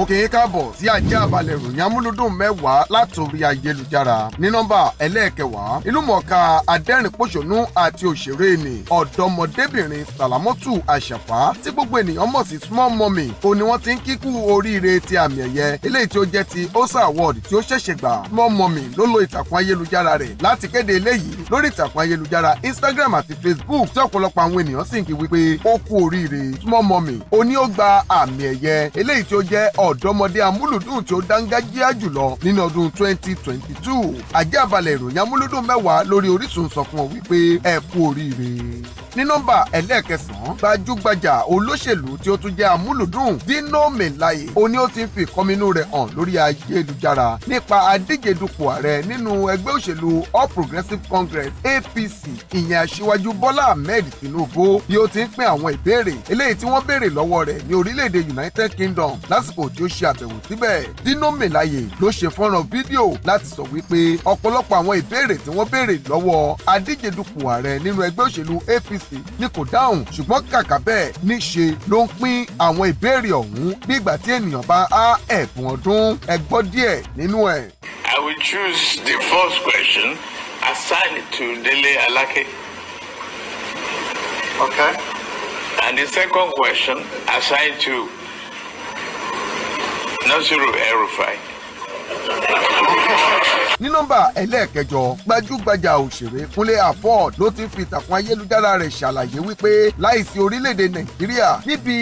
mo kì í káàbọ̀ sí ajá balẹ̀ ìròyìn amúlùdùn mẹ́wàá látòrí ayélujára ní nọ́mbà ẹlẹ́ẹ̀kẹwàá ìlúmọ̀ọ́ká adẹ́rìnpòṣónú àti òṣèré ni ọ̀dọ́mọdébìnrin sàlámọ́tù àṣàfà tí gbogbo ènìyàn mọ̀ sí small mummy ó ní wọ́n ti ń kíkú oríire ti àmì ẹ̀yẹ eléyìí tí ó jẹ́ ti osa award tí ó ṣẹ̀ṣẹ̀ gbà small mummy ló lo ìtàkùn ayélujára rẹ̀ láti kéde eléyìí lórí ìtàkùn ayélujára instagram àti facebook tí ọ̀pọ̀lọpọ̀ àwọn ènìyàn sì ń kí wípé ó kú oríire small mummy ó ní ó gba àmì ẹ̀yẹ eléyìí tí ó jẹ́ ọ̀ ọ̀dọ́mọdé amúlùdùn tí ó dángájíá jùlọ nínú ọdún 2022 àjẹ́ àbálẹ̀ ìròyìn amúlùdùn mẹ́wàá lórí Orísun sọ wípé ẹ oríire ní nọ́mbà ẹlẹ́ẹ̀kẹsàn-án gbajúgbajà olóṣèlú tí ó tún jẹ́ amúlùdùn Dino Melaye ó ní ó ti ń fi ìkọminú rẹ̀ hàn lórí ayélujára nípa adíje dupò ààrẹ nínú ẹgbẹ́ òṣèlú All Progressives Congress APC ìyẹn aṣíwájú Bọ́lá Ahmed Tinubu bí ó ti ń pín àwọn ìbéèrè eléyìí tí wọ́n béèrè lọ́wọ́ rẹ̀ ní orílẹ̀-èdè United Kingdom lásìkò tí ó ṣe àbẹ̀wò síbẹ̀ Dino Melaye ló ṣe fọ́nrán fídíò láti sọ wípé ọ̀pọ̀lọpọ̀ àwọn ìbéèrè tí wọ́n béèrè lọ́wọ́ adíje dupò ààrẹ nínú ẹgbẹ́ òṣèlú APC fífi ni kò dáhùn ṣùgbọ́n kàkà bẹ́ẹ̀ níṣe ló ń pín àwọn ìbéèrè ọ̀hún bí ìgbà tí ènìyàn bá há ẹ̀bùn ọdún ẹ díẹ̀ nínú ẹ̀. I will choose the first question assign to Dele Alake. Okay. And the second question assign to Nasiru el ní nọ́mbà ẹlẹ́ẹ̀kẹjọ gbajúgbajà òṣèré Kúnlé Afọ́d ló ti fi ìtàkùn ayélujára rẹ̀ ṣàlàyé wípé láìsí orílẹ̀-èdè Nàìjíríà níbi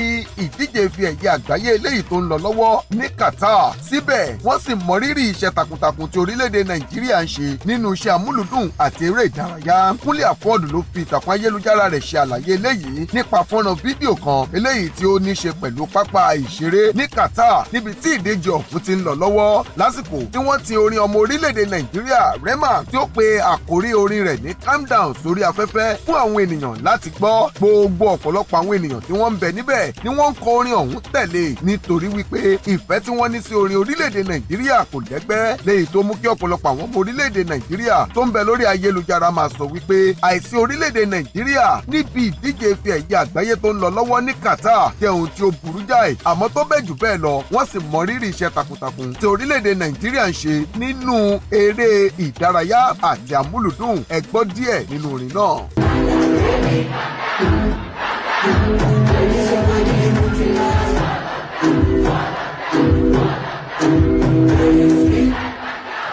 ìdíje fi ẹ̀yẹ àgbáyé eléyìí tó ń lọ lọ́wọ́ ní Qatar síbẹ̀ wọ́n sì mọrírì iṣẹ́ takuntakun tí orílẹ̀-èdè Nàìjíríà ń ṣe nínú iṣẹ́ amúlùdùn àti eré ìdárayá Kúnlé Afọ́d ló fi ìtàkùn ayélujára rẹ̀ ṣàlàyé eléyìí nípa fọ́nrán fídíò kan eléyìí tí ó ní ṣe pẹ̀lú pápá ìṣeré ní Qatar níbi tí ìdíje ọ̀hún ti ń lọ lọ́wọ́ lásìkò tí wọ́n ti orin ọmọ orílẹ̀-èdè nàìjíríà rema tí ó pe àkórí orin rẹ̀ ní calm down sórí afẹ́fẹ́ fún àwọn ènìyàn láti gbọ́ gbogbo ọ̀pọ̀lọpọ̀ àwọn ènìyàn tí wọ́n ń bẹ níbẹ̀ ni wọ́n ń kọ orin ọ̀hún tẹ̀lé nítorí wípé ìfẹ́ tí wọ́n ní sí orin orílẹ̀-èdè nàìjíríà kò lẹ́gbẹ́ léyìí tó mú kí ọ̀pọ̀lọpọ̀ àwọn ọmọ orílẹ̀-èdè nàìjíríà tó ń bẹ lórí ayélujára máa sọ wípé àìsí orílẹ̀-èdè nàìjíríà níbi ìdíje ife ẹ̀yẹ àgbáyé tó ń lọ lọ́wọ́ ní Qatar jẹ́ ohun tí ó burú jáì àmọ́ tó bẹ́ẹ̀ jù bẹ́ẹ̀ lọ wọ́n sì mọ rírì iṣẹ́ takuntakun tí orílẹ̀-èdè nàìjíríà ń ṣe nínú eré ìdárayá àti àmúlùdùn ẹ gbọ́ díẹ̀ nínú orin náà.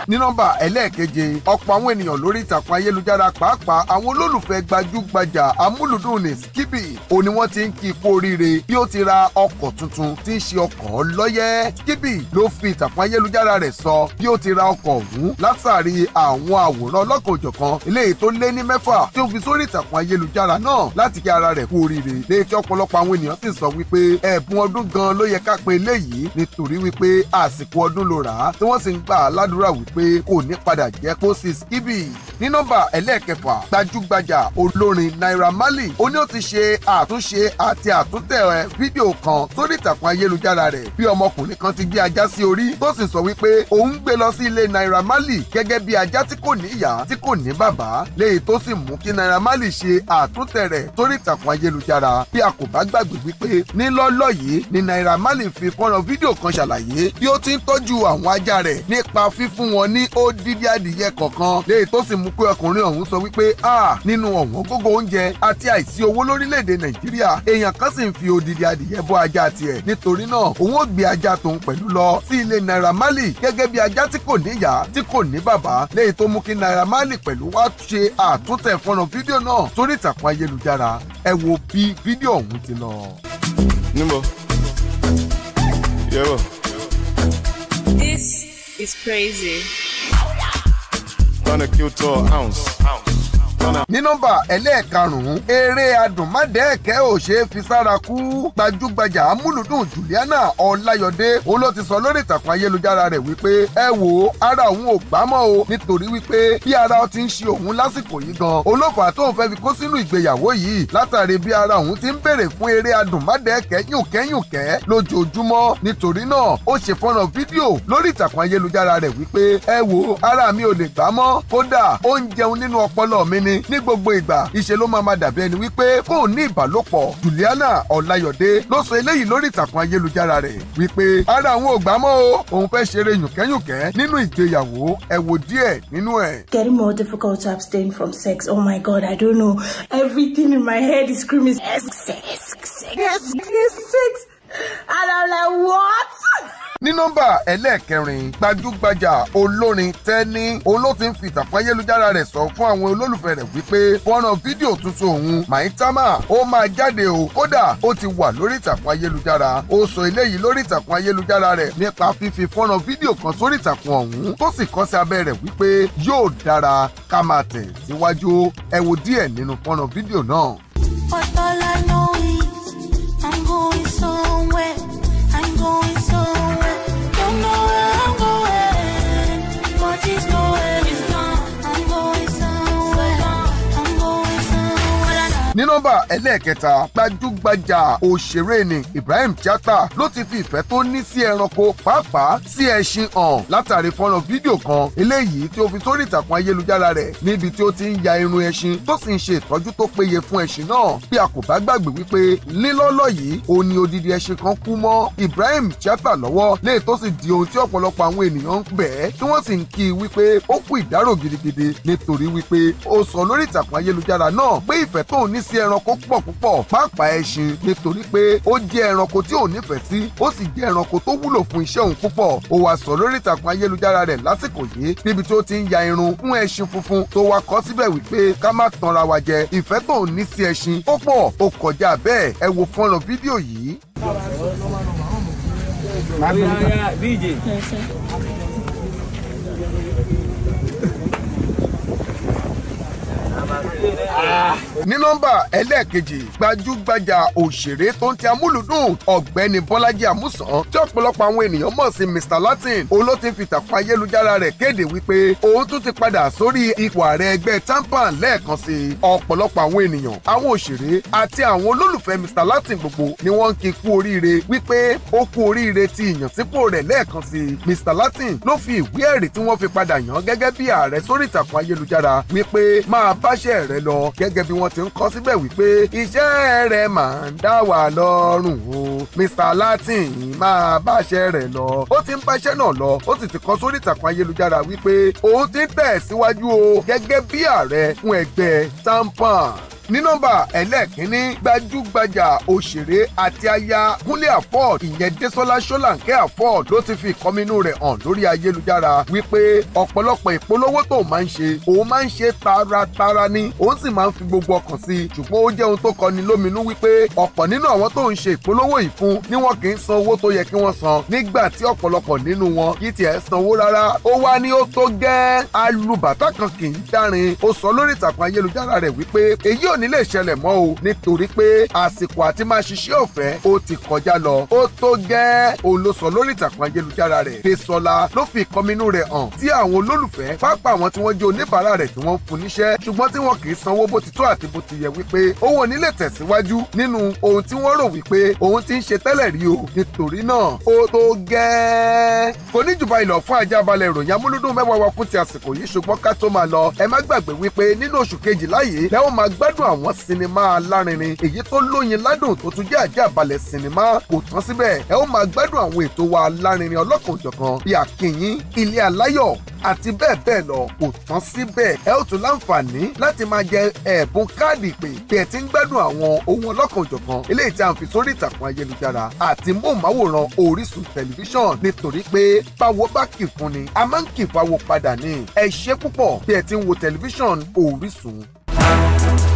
ní nọ́mbà ẹlẹ́ẹ̀keje ọ̀pọ̀ àwọn ènìyàn lórí ìtàkùn ayélujára pàápàá àwọn olólùfẹ́ gbajúgbajà amúlùdùn ní Skippy ó ní wọ́n ti ń kí ikú oríire bí ó ti ra ọkọ̀ tuntun tí ń ṣe ọkọ̀ ọlọ́yẹ́ Skippy ló fi ìtàkùn ayélujára rẹ̀ sọ bí ó ti ra ọkọ̀ ọ̀hún látàrí àwọn àwòrán ọlọ́kan-ò-jọ̀kan eléyìí tó lé ní mẹ́fà tí ó fi sórí ìtàkùn ayélujára náà láti kí ara rẹ̀ kú oríire lè tí ọ̀pọ̀lọpọ̀ àwọn ènìyàn sì sọ wípé ẹ̀bùn ọdún gan ló yẹ ká pe eléyìí nítorí wípé àsìkò ọdún ló rà á tí wọ́n sì ń gbà á ládùúrà wípé pé kò ní padà jẹ́ kó sì skibidi ní nọ́mbà ẹlẹ́ẹ̀kẹfà gbajúgbajà olórin Naira Marley ó ní ó ti ṣe àtúnṣe àti àtúntẹ̀ eh, fídíò kan sórí ìtàkùn ayélujára rẹ̀ bí ọmọkùnrin kan ti gbé ajá sí orí tó sì sọ wípé òun gbé lọ sí ilé Naira Marley gẹ́gẹ́ bí ajá tí kò ní ìyá tí kò ní bàbá léyìí tó sì mú kí Naira Marley ṣe àtúntẹ̀ rẹ̀ sórí ìtàkùn ayélujára bí a kò bá gbàgbé wípé ní lọ́lọ́ yìí ni Naira Marley fi fọ́nrán fídíò kan ṣàlàyé bí ó ti ń tọ́jú àwọn ajá rẹ̀ nípa fífún wọn ní odidi adìyẹ kọ̀ọ̀kan léyìí tó sì mú mú pé ọkùnrin ọ̀hún sọ wípé a nínú ọ̀wọ́n gógó oúnjẹ àti àìsí owó lórílẹ̀‐èdè nàìjíríà èèyàn kan sì ń fi odidi adìyẹ bọ́ ajá tiẹ̀ nítorí náà òun ó gbé ajá tòun pẹ̀lú lọ sí ilé naira marley gẹ́gẹ́ bí ajá tí kò níyà tí kò ní bàbá léyìí tó mú kí naira marley pẹ̀lú wá ṣe àtúntẹ̀ fọ́nrán fídíò náà sórí ìtàkùn ayélujára ẹ wo bí fídíò ọ̀hún ti lọ. níbo yẹ́wọ̀. This is crazy. Gonna a Q to an ounce. ounce. kanna. ní nọ́mbà ẹlẹ́ẹ̀karùn-ún eré adùnmádẹ́ẹ̀kẹ́ ò ṣeé fi sára kú gbajúgbajà amúlùdùn Juliana Ọláyọdé òun ti sọ lórí ìtàkùn ayélujára rẹ̀ wípé ẹ wò ó ara òun ò gbámọ́ o nítorí wípé bí ara ti ń ṣe òun lásìkò yìí gan olófà tóun fẹ́ fi kó sínú ìgbéyàwó yìí látàrí bí ara òun ti ń béèrè fún eré adùnmádẹ́ẹ̀kẹ́ yùnkẹ́yùnkẹ́ lójoojúmọ́ nítorí náà ó ṣe fọ́nrán fídíò lórí ìtàkùn ayélujára rẹ̀ wípé ẹ wò ó ara mi ò lè gbámọ́ kódà ó ń jẹun nínú ọpọlọ mi ni ní gbogbo ìgbà ìṣe ló máa ma dàbí ẹni wípé kò ní ìbálòpọ̀ Juliana Ọláyọ̀dé ló sọ eléyìí lórí ìtàkùn ayélujára rẹ̀ wípé ara àwọn ò gbà mọ́ o òun fẹ́ ṣeré yùnkẹ́yùnkẹ́ nínú ìgbéyàwó ẹ wo díẹ̀ nínú ẹ̀. Getting more difficult to abstain from sex. Oh my God, I don't know. Everything in my head is screaming sex, sex, sex, sex, sex. And I'm like, what? ní nọ́mbà ẹlẹ́ẹ̀kẹrin gbajúgbajà olórin tẹ́ni olóòtú ń fi ìtàkùn ayélujára rẹ̀ sọ fún àwọn olólùfẹ́ rẹ̀ wípé wọ́n rán fídíò tuntun òun Maitama ó máa jáde o kódà ó ti wà lórí ìtàkùn ayélujára ó sọ eléyìí lórí ìtàkùn ayélujára rẹ̀ nípa fífi fọ́nrán fídíò kan sórí ìtàkùn ọ̀hún tó sì kọ sí abẹ́ rẹ̀ wípé yóò dára ká máa tẹ̀ síwájú ẹ wo díẹ̀ nínú fọ́nrán fídíò náà. ní nọ́mbà ẹlẹ́ẹ̀kẹta gbajúgbajà òṣèré ni Ibrahim Chatta ló ti fi ìfẹ́ tó ní sí ẹranko pàápàá sí ẹṣin hàn látàrí fọ́nrán fídíò kan eléyìí tí ó fi sórí ìtàkùn ayélujára rẹ̀ níbi tí ó ti ń ya irun ẹṣin tó sì ń ṣe ìtọ́jú tó péye fún ẹṣin náà bí a kò bá gbàgbé wípé nílọ́lọ́ yìí ó ní odidi ẹṣin kan kú mọ́ Ibrahim Chatta lọ́wọ́ lè tó sì di ohun tí ọ̀pọ̀lọpọ̀ àwọn ènìyàn ń bẹ̀ ẹ́ tí wọ́n sì ń kí i wípé ó kú ìdárò gidigidi nítorí wípé ó sọ lórí ìtàkùn ayélujára náà pé ìfẹ́ tóun ní oríṣiríṣi ẹranko pọ̀ púpọ̀ pàápàá ẹṣin nítorí pé ó jẹ́ ẹranko tí ò nífẹ̀ẹ́ sí ó sì jẹ́ ẹranko tó wúlò fún iṣẹ́ òun púpọ̀ ó wàá sọ lórí ìtàkùn ayélujára rẹ̀ lásìkò yìí níbi tí ó ti ń ya irun fún ẹṣin funfun tó wá kọ síbẹ̀ wípé ká má tanra wa jẹ ìfẹ́ tó ní sí ẹṣin ó pọ̀ ó kọjá bẹ́ẹ̀ ẹ wo fọ́nrán fídíò yìí. DJ. Ah. ní nọ́mbà ẹlẹ́ẹ̀kejì gbajúgbajà òṣèré tó ń ti amúlùdùn ọ̀gbẹ́ni bọ́lájí àmúsàn tí ọ̀pọ̀lọpọ̀ àwọn ènìyàn mọ̀ sí mr latin olóòtú fi ìtàkùn ayélujára rẹ̀ kéde wípé òun tún ti padà sórí ipò ààrẹ ẹgbẹ́ tampan lẹ́ẹ̀kan sí i ọ̀pọ̀lọpọ̀ àwọn ènìyàn àwọn òṣèré àti àwọn olólùfẹ́ mr latin gbogbo ni wọ́n ń kí kú oríire wípé ó kú oríire ti ìyànsípò rẹ̀ lẹ́ẹ̀kan sí i mr latin ló fi ìwé ẹ̀rí tí wọ́n fi padà yàn gẹ́gẹ́ bí ààrẹ sórí ìtàkùn ayélujára wípé máa báṣẹ́ iṣẹ́ rẹ lọ gẹ́gẹ́ bí wọ́n ti ń kọ́ síbẹ̀ wípé iṣẹ́ rẹ máa ń dá wà lọ́rùn o Mr Latin máa báṣẹ́ rẹ̀ lọ ó ti ń báṣẹ́ náà lọ ó sì ti kọ́ sórí ìtàkùn ayélujára wípé òun ti ń tẹ̀síwájú o gẹ́gẹ́ bí ààrẹ fún ẹgbẹ́ tampan ní nọ́mbà ẹlẹ́ẹ̀kínní gbajúgbajà òṣèré àti aya kúnlé afford ìyẹn désọlá ṣọláńkẹ́ afford ló ti fi ìkọminú rẹ̀ hàn lórí ayélujára wípé ọ̀pọ̀lọpọ̀ ìpolówó tó máa ń ṣe òun máa ń ṣe taratara ni òun sì máa ń fi gbogbo ọkàn sí i ṣùgbọ́n ó jẹ́ ohun tó kọni lóminú wípé ọ̀pọ̀ nínú àwọn tó ń ṣe ìpolówó yìí fún ni wọn kì í san owó tó yẹ kí wọ́n san nígbà tí ọ̀pọ̀lọpọ̀ kò ní lè ṣẹlẹ̀ mọ́ o nítorí pé àsìkò àti máa ṣiṣẹ́ ọ̀fẹ́ ó ti kọjá lọ ó tó gẹ́ òun ló sọ lórí ìtàkùn ayélujára rẹ̀ Désọlá ló fi ìkọminú rẹ̀ hàn tí àwọn olólùfẹ́ pápá àwọn tí wọ́n jẹ́ oníbàárà rẹ̀ tí wọ́n fún níṣẹ́ ṣùgbọ́n tí wọn kì í sanwó bó ti tó àti bó ti yẹ wípé òun ò lè tẹ̀síwájú nínú ohun tí wọ́n rò wípé òun ti ń ṣe tẹ́lẹ̀ rí o nítorí náà ó tó gẹ́ẹ́. kò ní jù báyìí fún ajábalẹ̀ ìròyìn amúlúdùn mẹ́wàá wa kún ti àsìkò yìí ṣùgbọ́n ká tó máa lọ ẹ má gbàgbé wípé nínú àwọn sinimá alárinrin èyí tó lóyin ládùn tó tún jẹ́ àjàbalẹ̀ sinimá kò tán síbẹ̀ ẹ ó máa gbádùn àwọn ètò wa alárinrin ọlọ́kan-ò-jọ̀kan bí àkìyìn ilé aláyọ̀ àti bẹ́ẹ̀ bẹ́ẹ̀ lọ kò tán síbẹ̀ ẹ ó tún láǹfààní láti máa jẹ ẹ̀bùn káàdì ìpè bí ẹ ti ń gbádùn àwọn ohun ọlọ́kan-ò-jọ̀kan eléyìí tí a ń fi sórí ìtàkùn ayélujára àti móhùnmáwòrán Orísun tẹlifíṣàn nítorí pé báwo bá kì fún ni a máa ń kì fáwọn padà ní ẹ ṣé púpọ̀ bí ẹ ti ń wo tẹlifíṣàn Orísun.